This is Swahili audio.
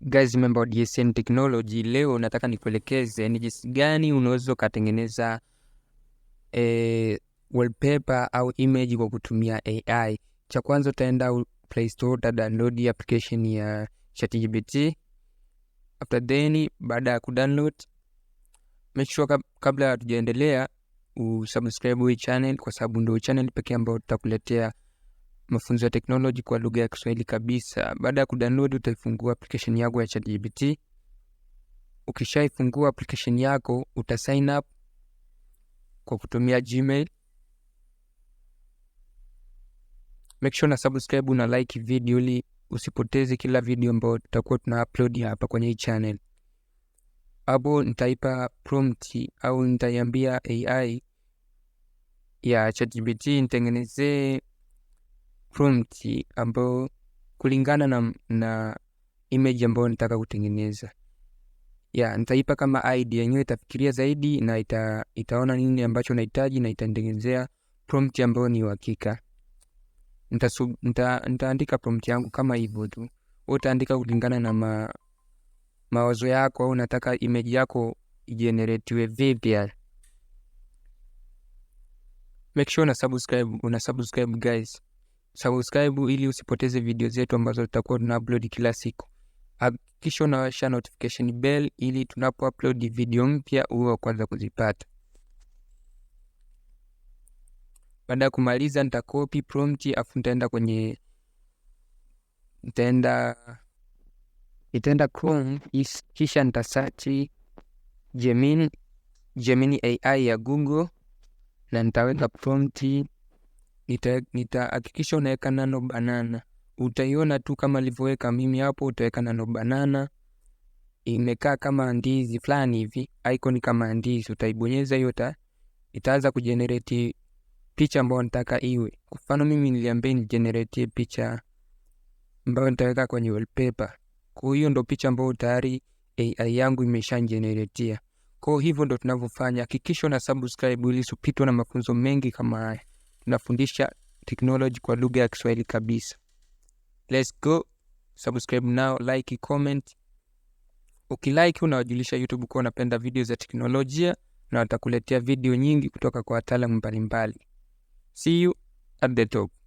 Guys, member DSN Technology, leo nataka nikuelekeze ni jinsi gani unaweza ukatengeneza e, wallpaper au image kwa kutumia AI. Cha kwanza utaenda Play Store, uta download application ya ChatGPT. After then, baada ya kudownload, make sure kabla hatujaendelea usubscribe hii channel kwa sababu ndio channel pekee ambayo tutakuletea mafunzo ya teknoloji kwa lugha ya Kiswahili kabisa. Baada ya kudownload, utaifungua application yako ya ChatGPT. Ukishaifungua application yako, uta sign up kwa kutumia Gmail. Make sure na subscribe na like video ili usipoteze kila video ambayo tutakuwa tuna upload hapa kwenye hii channel. Hapo nitaipa prompt au nitaiambia AI ya ChatGPT nitengenezee prompt ambayo kulingana na, na image ambayo nataka kutengeneza ya nitaipa kama id yenyewe, itafikiria zaidi na ita, itaona nini ambacho nahitaji na itanitengenezea prompt ambayo ni uhakika. nitaandika Nita, nitaandika prompt yangu kama hivyo tu. Wewe utaandika kulingana na ma, mawazo yako, au nataka image yako ijeneretiwe vipi. Make sure una subscribe, una subscribe guys subscribe ili usipoteze video zetu ambazo tutakuwa tuna upload kila siku. Hakikisha unawasha notification bell ili tunapo upload video mpya uwe wa kwanza kuzipata. Baada ya kumaliza, nitakopi prompt afu nitaenda kwenye nitaenda nitaenda Chrome kisha nitasearch Gemini Gemini AI ya Google na nitaweka prompt nitahakikisha nita unaweka nano banana. Utaiona tu kama nilivyoweka mimi hapo, utaweka nano banana imekaa kama ndizi fulani hivi, icon kama ndizi, utaibonyeza hiyo, itaanza kujenerate picha ambayo nataka iwe. Kwa mfano mimi niliambia ni generate picha ambayo nitaweka kwenye wallpaper. Kwa hiyo ndo picha ambayo tayari AI yangu imesha generate. Kwa hivyo ndo tunavyofanya. Hakikisha una subscribe ili usipitwe na mafunzo mengi kama haya tunafundisha teknoloji kwa lugha ya Kiswahili kabisa. Let's go. Subscribe now, like, comment. Ukilike unawajulisha YouTube kuwa unapenda video za teknolojia na watakuletea video nyingi kutoka kwa wataalamu mbalimbali. See you at the top.